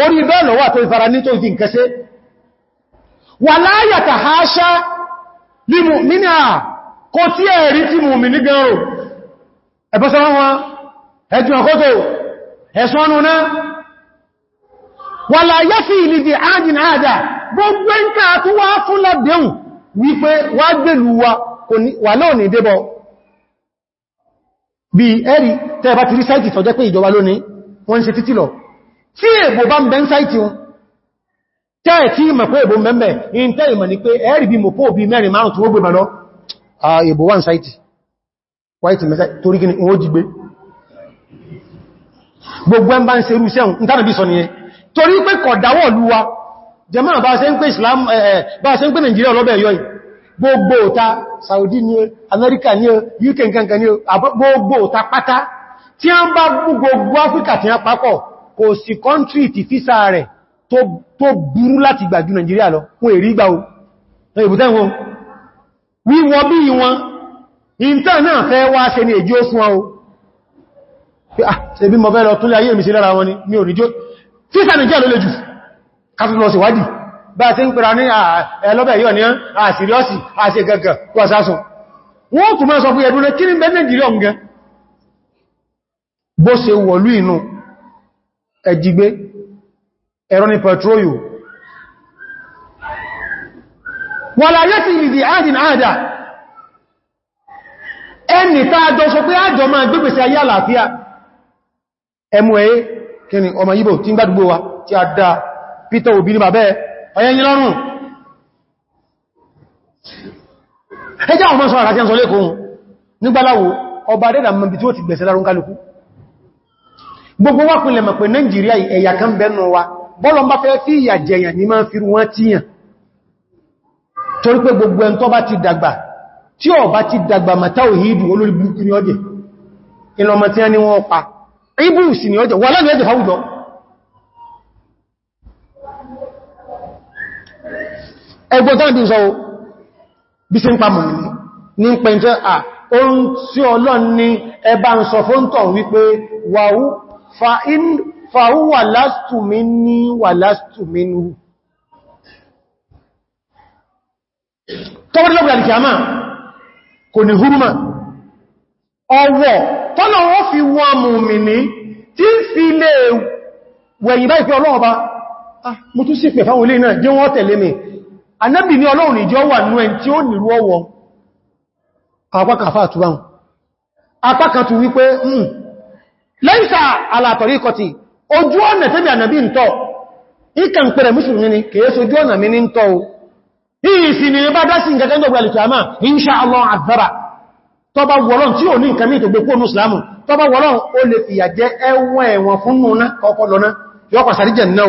orí bẹ́ẹ̀ lọ wà tó ìfara ní tó ìdí nkẹsẹ́ wà láyàtà ha ṣá límù nínú à kò tí ẹ̀rí tí mú mi ní gẹ̀rọ ẹ̀bọ́sán wọn ẹjùn àkótò ẹ̀sọ́nù náà wà láyàfí ìlìdì ájìn àjà gbogbo ǹkà tó wá fún lábẹ́hùn wípé gbèlú wa wà náà bí ẹ̀rí tẹ́ẹ̀bá ti rí sáìtì tọ́jẹ́ pé ìjọba lónìí wọ́n ń títí lọ tí èbò bá ń bẹ́ ń sáìtì wọn tẹ́ tí ìmọ̀ pé èbò mẹ́mẹ́ in tẹ́ ìmọ̀ ni pé ẹ̀rì bí mọ̀pọ̀ bí mẹ́rin márùn tí ó gbé bà gbogbo sọ pé kọ̀dáwọ̀ lúwa jẹmọ́ bá ṣe ń Islam bá ṣe ń ọlọ́bẹ̀ gbogbo òta Saudi UK nkankan gbogbo òta pátá tí a ń bá gbogbo kò sí kọ́ntrí ti físà rẹ̀ tó burú láti gbà ju Nàìjíríà lọ kún èrí gbà o ìbùtẹ́ wọn wíwọ bí wọn ìntẹ́ náà fẹ́ wá ṣe ní èjì ó fún ọ ah, ṣe bí mọ̀ fẹ́ lọ túnlé ayé mi sí lára wọn ni mi ò níjó físà Nàìjíríà ló le jù kásù lọ síwádìí bá ti ń ah, bó ṣe wọ̀lú inú ẹ̀jígbé ẹ̀rọ ni pẹ̀tróyù wọ́n láyé ti ìrìdì àádìn àádà ẹni tàà jọ sọ pé àjọ máa gbégbèsè ayé àlàáfíà ẹmù ẹ̀yẹ kí ni ọmọ yíbò tí ń gbádùgbò wa tí a dá Peter Obi ní bàbẹ́ ọyẹ́yìn lọ́rùn ẹjá ọmọ sọ àràtí ẹnsọ lẹ́kùn nígbàláwò ọba adẹ́dàmọ́ bí tí ó ti gbẹ̀sẹ̀ lárún kálukú gbogbo wá pínlẹ̀ mọ̀ pé Nàìjíríà ẹ̀yà kan bẹnu wa bọ́lọ̀ ah, bá fẹ́ fi ìyà jẹyàn ní máa fi wọ́n tíyàn torí pé gbogbo ẹn tó bá ti dàgbà tí ó bá ti dàgbà màtá òhìdù olórí burúkú ní ọjẹ́ ìlọmọ tí a ní wọ́n pa ibùsì ní ọjẹ́ ẹbá ń sọ fóntọ̀ wípé wàhú fàúwà lásìtù mi ní wà lásìtù mi nù tọ́wọ́dé lọ́gbà dìkì àmà kò ní húrùmà ọwọ́ tọ́nà wọ́n fi wọ́n mú mi ní tí ń fi lè wẹ̀yìn ah, bá ìfẹ́ ọlọ́ọ̀bá mú tún sí pẹ̀ náà lẹ́yìnsà alàtọ̀ríkọtì ojú ọ̀nà tẹ́bí ànàbí ń tọ́ ìkàn pẹ̀rẹ̀ mùsùlùmí ni kìí sí ojú ọ̀nà mi ní tọ́ o ìsì ni bá dá sí nǹkan gbogbo alìkìyàmá inṣà allah azara tọba wọ́lọ́n tí ò ní nǹkan mí tó gbé kó mùsùlùmí tọba wọ́lọ́n ó lè fìyà jẹ ẹwọ́n ẹ̀wọ̀n fún nuna kọ́kọ́ lọ́nà yọ́kọ̀ sàríjẹ̀ náà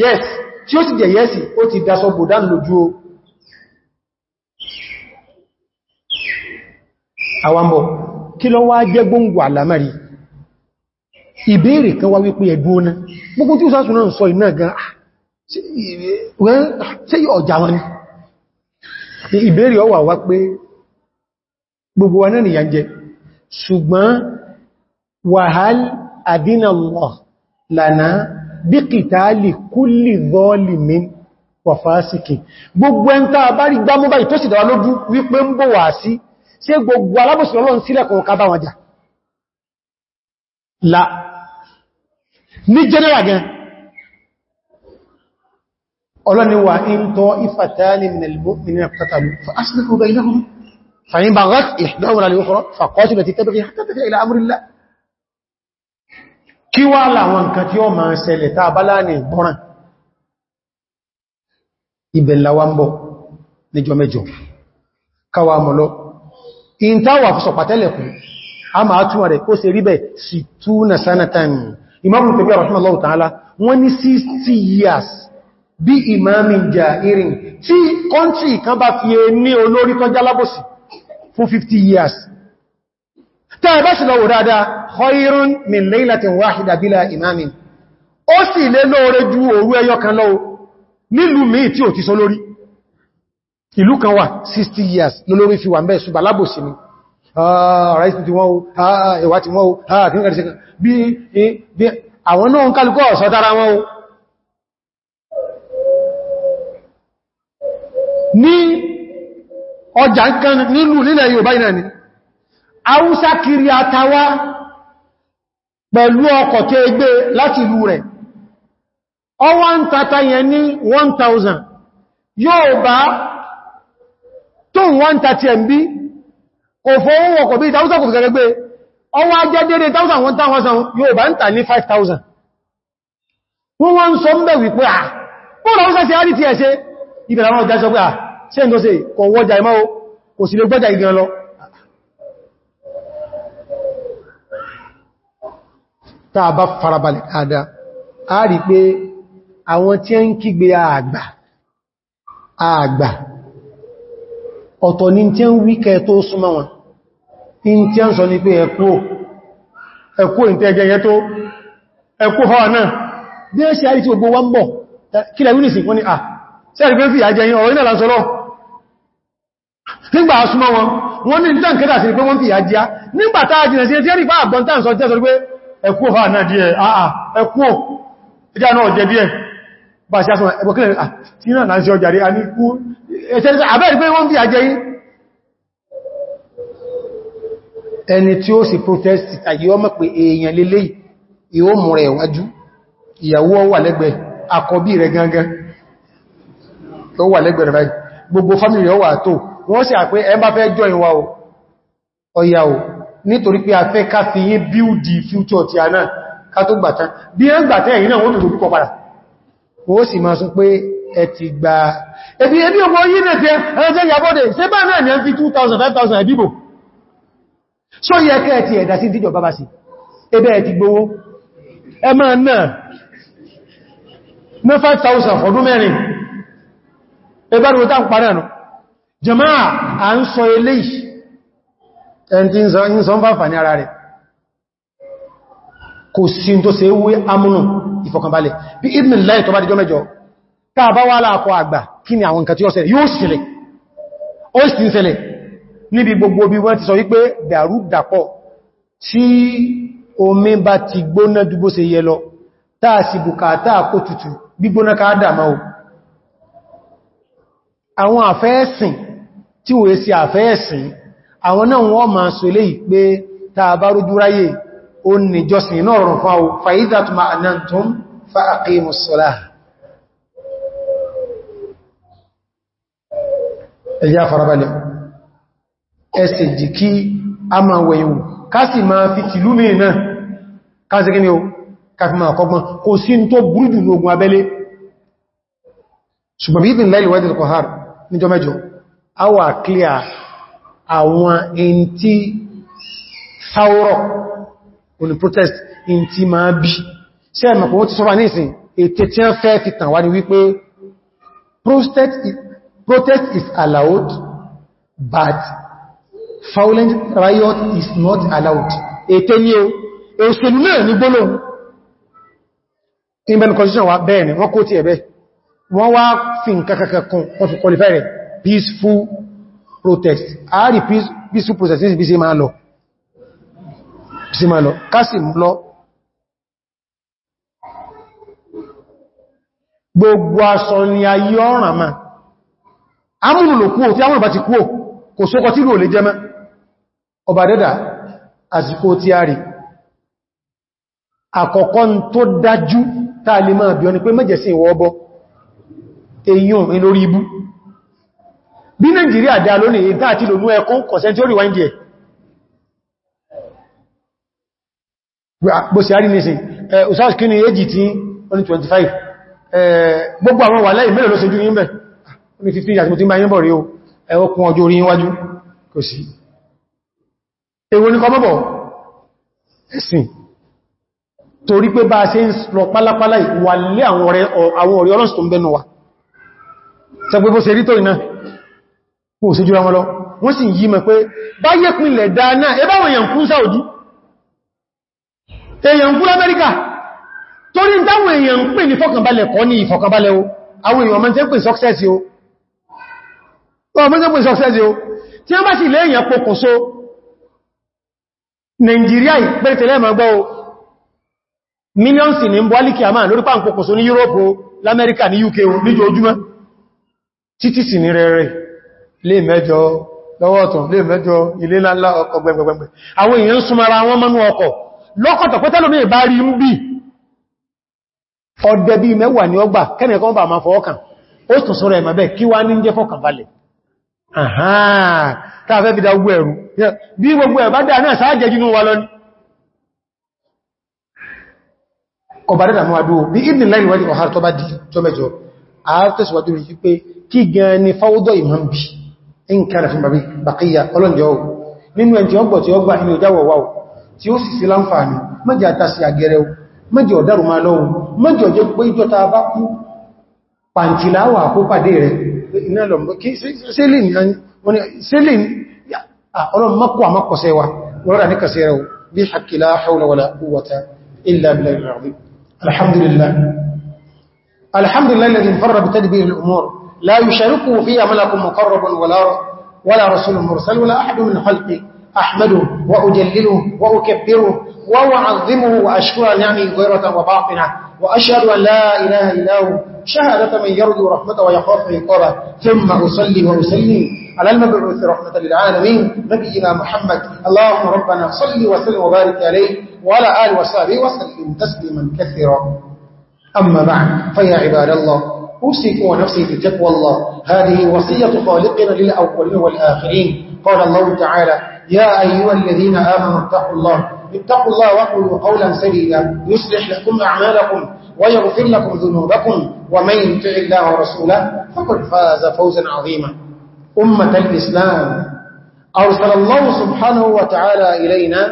yes tí ó sì jẹ̀ yẹ́sì ó ti dasọ bòdán lójú o àwambọ̀ kí lọ wá jẹ́ gbóngbò àlàmàrí ìbéèrè kan wá wípé ẹ̀dùn ọ̀nà gbogbo tí ó sásùn náà sọ iná gan ah, ṣe ah, ọjà wọn ni ìbéèrè ọwà wá pé gbogbo wa náà nìyàn ṣùgbọ́n wàhálì àdínà Allah lánàá bí kìtàálì kúlì zọ́ọ̀lì mi wà fásíkì gbogbo ẹn tàà bá rí gbámú báyìí tó sì dára lójú wípé ń bọ̀ wà sí ṣe gbogbo alábòsí ọlọ́run sílẹ̀ kan ká bá wọn jà la ní jẹ́nẹ́rà gan ọlọ́ni ń tọ́ ìfàtàlì mìnà kí wá láwọn nǹkan tí ó ma ń ṣẹlẹ̀ tàà bálá ní ìgbọ́ràn ìbẹ̀láwà ń bọ̀ níjọ mẹ́jọ káwà mọ̀lọ́ in táwà fúsọ̀ pàtẹ́lẹ̀kùn a máa túnwà rẹ̀ kó se ríbẹ̀ sí túnà sanatan Imam Taymiyya rahimahullahu ta'ala wọ́n ní 60 years bí imamin jairin tí years tẹ́ẹ̀bẹ́sì lọ wò dáadáa khairun min laylatin wahida bila imamin ó sì lé lóore ju òru ẹyọ kan lọ nílùú míì tí ò ti sọ lórí ìlú kan wà 60 years lólórí fi wà mẹ́ ṣùgbà lábòsí ni ọ̀rọ̀ ìsìn tí wọ́n ó ẹ̀wà tí wọ́n ó ah, ń kan nílùú nílẹ̀ Yorùbá ìnáà ni Haúsá kiri àtàwà pẹ̀lú ọkọ̀ tí ó gbé láti ìlú rẹ̀. Ọwọ́ ń tata yẹn ní 1,000. Yóò bá tó 130 MB, kò fowó ọkọ̀ bí ìtàúsá kò fi gbé. Ọwọ́ ajẹ́ dédé 1,000 yóò bá ń tà ní 5,000. Wọ́n wọ́n sọ mẹ́ wípé ah, à, tàà bá farabalẹ̀ àdá a rí pé àwọn tí ń kígbe àgbà àgbà ọ̀tọ̀ ni tí ń wíkẹ́ tó súnmọ́ wọn in tí ń sọ ní pé ẹ̀kú ẹ̀kú ìntẹ́gẹ́gẹ́ tó ẹ̀kú họ́ náà bí ẹ́ sí àrí tí gbogbo wọ́n bọ̀ kí lẹ́wìn ìsìn wọ́n ni à sẹ́rì pé fi àjẹyìn ọ̀rọ̀ ìnà lásọ́lọ́ nígbà súnmọ́ wọn wọ́n ní ìtàn kẹta sí pé wọ́n fi àjíá nígbà táà jìnà sí ẹ̀tẹ́rì fà àgbọ̀ntàn sọ jẹ́ sọ pé ẹkú ọ̀há náà díẹ̀ àà ẹkú ìjá náà jẹ díẹ̀ bá ṣe aṣọ ẹgbẹ̀kílẹ̀ àti náà láti ọjà rí a ní kú ẹ̀ṣẹ́lẹ̀ àbẹ́rẹ̀ pé wọ́n bí a jẹ yí ẹni tí ó sì protest tàyí ọmọ pé èèyàn nítorí pé a fẹ́ ká fi yí bíúdì future ti a náà ká tó gbàtán bí ẹ ń gbàtán ẹ̀yìn náà wọ́n tó tó púpọ̀ padà ó sì máa sọ pé ẹ ti gba ẹbí ẹbí ọmọ yí nẹ̀ tí ẹjẹ́ ìyàbọ́dẹ̀ ṣe bá náà ní só yẹ kẹ́ ti ẹ̀dà sí tíjọ bábá sí ẹbẹ́ ẹ ti gbowó ẹ máa náà ní 5000 fọdún mẹ́rin ẹgbẹ́rún tá ń parí ẹ̀nà jẹ́máà à ń sọ eléyìí ẹn tí ń sọ ń fàfà ní ara rẹ̀ kò sí tó se wé amúnù ìfọkànbalẹ̀ bí ibn láì tó bá díjọ́ mẹ́jọ ká bá wá láàkọ àgbà kí ni àwọn nǹkan tí ó ṣẹlẹ̀ yóò ṣẹlẹ̀ se yẹ lọ táà sì bùkátà kó tutù gbígbóná ká dàmà o àwọn àfẹ́ẹ̀sìn tí wòye sí àfẹ́ẹ̀sìn àwọn náà wọ́n máa sọ ilé ìpé tàbárójú ráyè ó ní jọsìn náà rọrùn fún àwọn fa'ídà tó máa náà tó ń fa aqimus salah ẹjá farabalẹ̀ ẹsẹ̀ jìkí a máa wẹ̀yìnwò kásì máa fi tìlú mìí náà kásì gíní o àwọn ẹntí sáwọ́rọ̀ òní protest in ti máa bí ṣe ẹ̀mọ̀ pọ̀ ti sọ́rọ̀ nísìn ètè tí wọ́n fẹ́ fi tàn wá ní wípé protest is allowed but violent riot is not allowed ètè ní o òṣèlú náà ní gbóló inbẹ̀n constitution wa bẹ́ẹ̀ ni wọ́n kó ti ẹ̀bẹ́ wọ́n wá fi nǹkan kankan kan wọ́n fi qualify rẹ̀ peaceful protest a rí peaceful protest ní sí máa lọ sí máa lọ kásì lọ gbogbo aṣọ ni ayé ọ̀ràn máa amúnù lò kúò tí àwọn ìbá ti kúò kò sókọ tí lò lè jẹ́ mẹ́ ọba dẹ́dà àsìkò tí a rí àkọ́kọ́ tó dájú tàà lè máa bí ọ ni pé mẹ́jẹ̀ sí ìwọ ọbọ èyàn lórí ibú bí Nàìjíríà dá lónìí ìta àti lòlú ẹkún kọ̀sẹ̀ tí ó rí wáyé díẹ̀ gbòsì àrí nìsìn ọ̀sáàsì kí ni èjì tí ó ní 25 gbogbo àwọn wà lẹ́yìn mẹ́lẹ̀ ló ṣojú yínbẹ̀ ní 15 àti mo ti máa yínbọ̀ rí o ẹwọ́kún ọjọ́ orí wájú kò sí èwo ní kọmọ́bọ̀ ẹ̀sìn torí pé bá ṣe ń lọ pálápálá wà àwọn ọ̀rẹ́ ọlọ́sùn tó ń bẹ́nu wa sọ pé bó ṣe rí tó ìná kò sí jùra wọn lọ wọ́n sì yí mọ̀ pé báyé pínlẹ̀ dáadáa ẹbá wọn yàn kún Saudi èyàn kún Amẹ́ríkà torí táwọn èyàn ń pè ní fọkànbalẹ̀ kọ́ ní ìfọkànbalẹ̀ o àwọn èyàn mọ́n tẹ́ pè sọ́ksẹ́sì o tí wọ́n bá sì lẹ́yìn pokùnso Nàìjíríà ìpẹ́tẹ̀lẹ́ ma gbọ́ mílíọ̀nsì ní bọ́ọ̀lìkì àmà lórí pàǹpokùnso ní Yúróòpù lamẹ́ríkà títí sì ní rẹ̀rẹ̀ lé mẹ́jọ lọ́wọ́ ọ̀tún lé mẹ́jọ ilé láńlá ọkọ̀ gbẹ̀gbẹ̀gbẹ̀ àwọn èèyàn ń súnmọ́ra wọn mọ́nú ọkọ̀ lọ́kọ̀tọ̀ pé tẹ́lómi ìbá rí ń bí ọdẹ bí mẹ́wàá ní ọgbà kẹ́nìkan bá máa fọ́ọ̀kàn rí pé kí gan ni fáwọ́dọ̀ ìmọ̀ bí in kana fi babi baqiya olon jo nínú en tí ó gbọ́ tí ó gbà ni ó jáwọ́ wa o tí ó sì sí lánfààní meje atasi agere o meje odaru ma lo o meje jẹ́ pé ijo tá bá kú pantilawa kó pàdé rẹ̀ iná lo ki selin an woni selin ya ah olon mako amako se لا يشاركه فيها ملك مقرب ولا ولا رسول مرسل ولا أحد من خلقي أحمده وأجلله وأكبره وأعظمه وأشكر نعمه غيرة وباطنة وأشهد أن لا إله إلا هو شهادة من يرجو رحمته ويخاف عقابه ثم أصلي وأسلم على المبعوث رحمة للعالمين نبينا محمد اللهم ربنا صل وسلم وبارك عليه وعلى آل وصحبه وسلم تسليما كثيرا أما بعد فيا عباد الله أوسيكم ونفسي بتقوى الله هذه وصية خالقنا للأولين والآخرين قال الله تعالى يا أيها الذين آمنوا اتقوا الله اتقوا الله وقلوا قولا سبيلا يصلح لكم أعمالكم ويغفر لكم ذنوبكم ومن يطع الله ورسوله فقد فاز فوزا عظيما أمة الإسلام أرسل الله سبحانه وتعالى إلينا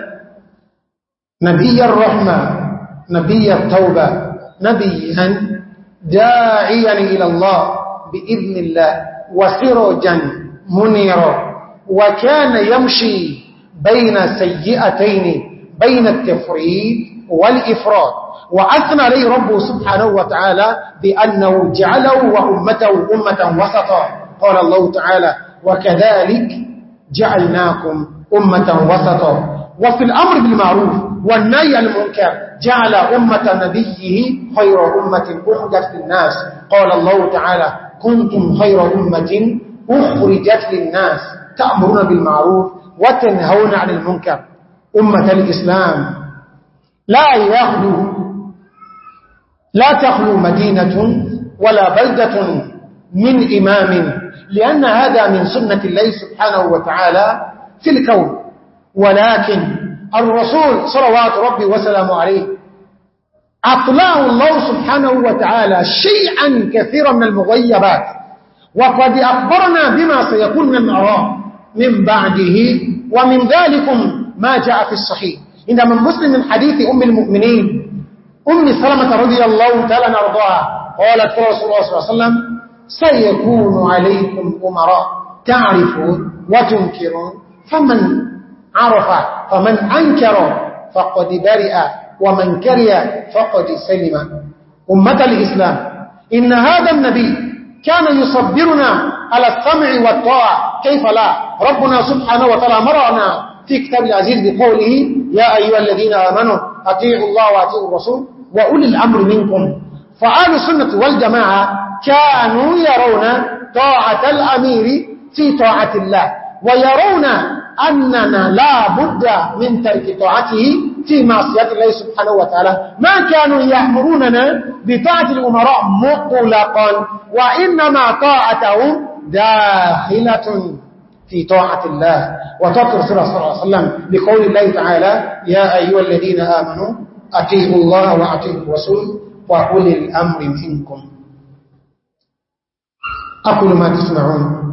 نبي الرحمة نبي التوبة نبيا داعيا إلى الله بإذن الله وسرجا منيرا وكان يمشي بين سيئتين بين التفريد والإفراد وأثنى لي ربه سبحانه وتعالى بأنه جعله وأمته أمة وسطا قال الله تعالى وكذلك جعلناكم أمة وسطا وفي الأمر بالمعروف والنهي المنكر جعل أمة نبيه خير أمة أخرجت للناس قال الله تعالى كنتم خير أمة أخرجت للناس تأمرون بالمعروف وتنهون عن المنكر أمة الإسلام لا يخلو لا تخلو مدينة ولا بلدة من إمام لأن هذا من سنة الله سبحانه وتعالى في الكون ولكن الرسول صلوات ربي وسلامه عليه أطلعه الله سبحانه وتعالى شيئا كثيرا من المغيبات وقد أخبرنا بما سيكون من الأراء من بعده ومن ذلك ما جاء في الصحيح إن من مسلم من حديث أم المؤمنين أم سلمة رضي الله تعالى نرضاها قالت رسول الله صلى الله عليه وسلم سيكون عليكم أمراء تعرفون وتنكرون فمن عرف فمن أنكر فقد برئ ومن كره فقد سلم أمة الإسلام إن هذا النبي كان يصبرنا على السمع والطاعة كيف لا ربنا سبحانه وتعالى مرعنا في كتاب العزيز بقوله يا أيها الذين آمنوا أطيعوا الله وأطيعوا الرسول وأولي الأمر منكم فآل السنة والجماعة كانوا يرون طاعة الأمير في طاعة الله ويرون أننا لا بد من ترك طاعته في معصية الله سبحانه وتعالى ما كانوا يأمروننا بطاعة الأمراء مطلقا وإنما طاعتهم داخلة في طاعة الله وتطر رسول الله صلى الله عليه وسلم بقول الله تعالى يا أيها الذين آمنوا أتيه الله وأتيه الرسول وأولي الأمر منكم أقول ما تسمعون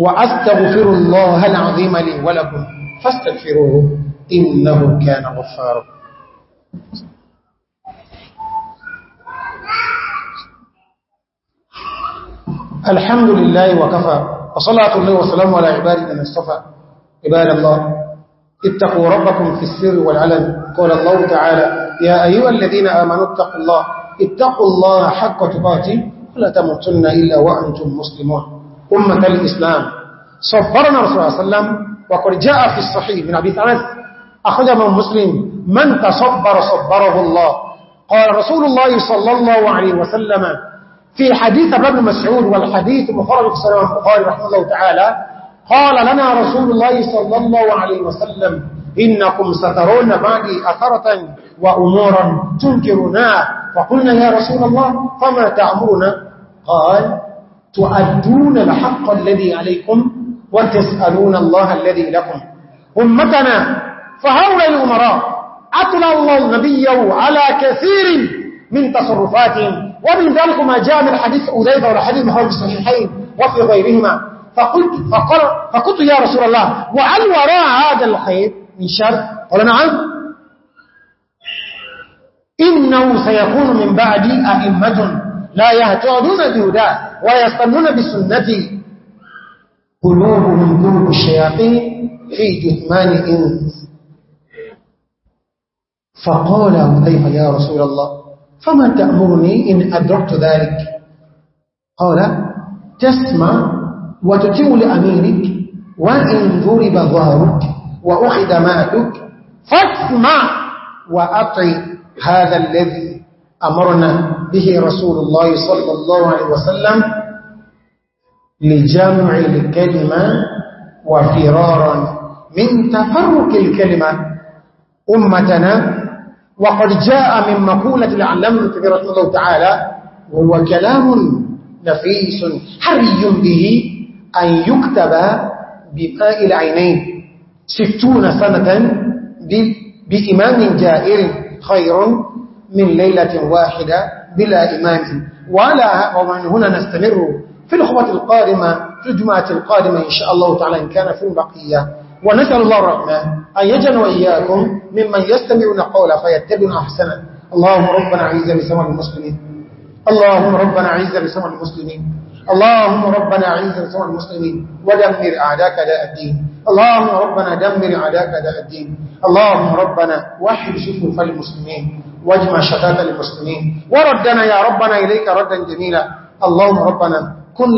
وأستغفر الله العظيم لي ولكم فاستغفروه إنه كان غفارا الحمد لله وكفى وصلاة الله وسلامه على عباد من اصطفى عباد الله اتقوا ربكم في السر والعلن قال الله تعالى يا أيها الذين آمنوا اتقوا الله اتقوا الله حق تقاته ولا تموتن إلا وأنتم مسلمون أمة الإسلام صبرنا رسول الله صلى الله عليه وسلم وقد جاء في الصحيح من أبي أنس أخذ من مسلم من تصبر صبره الله قال رسول الله صلى الله عليه وسلم في حديث ابن مسعود والحديث المخرج صلى البخاري رحمه الله تعالى قال لنا رسول الله صلى الله عليه وسلم إنكم سترون بعدي أثرة وأمورا تنكرنا فقلنا يا رسول الله فما تأمرنا قال تؤدون الحق الذي عليكم وتسألون الله الذي لكم أمتنا فهؤلاء الأمراء أطلع الله النبي على كثير من تصرفاتهم ومن ذلك ما جاء من حديث أذيبة والحديث محور الصحيحين وفي غيرهما فقلت, فقر فقلت يا رسول الله وعل وراء هذا الخير من شر قال نعم إنه سيكون من بعدي أئمة لا يهتعدون بهداه ويستنون بسنته قلوب من قلوب الشياطين في جثمان إنس فقال هذيفة يا رسول الله فما تأمرني إن أدركت ذلك قال تسمع وتتم لأميرك وإن ضرب ظهرك وأخذ مالك فاسمع وأطع هذا الذي أمرنا به رسول الله صلى الله عليه وسلم لجمع الكلمة وفرارا من تفرق الكلمة أمتنا وقد جاء من مقولة العلم الكبير رحمه الله تعالى وهو كلام نفيس حري به أن يكتب بماء العينين ستون سنة بإمام جائر خير من ليلة واحدة بلا إمام ولا ومن هنا نستمر في الخطبة القادمة في الجمعة القادمة إن شاء الله تعالى إن كان في بقية ونسأل الله الرحمن أن يجن وإياكم ممن يستمعون قولا فيتبعون أحسنا اللهم ربنا عز بسمع المسلمين اللهم ربنا عز بسمع المسلمين اللهم ربنا عز بسمع المسلمين ودمر أعداك داء الدين اللهم ربنا دمر أعداك داء الدين اللهم ربنا وحد شفوف المسلمين واجمع شتات المسلمين وردنا يا ربنا إليك ردا جميلا اللهم ربنا كنا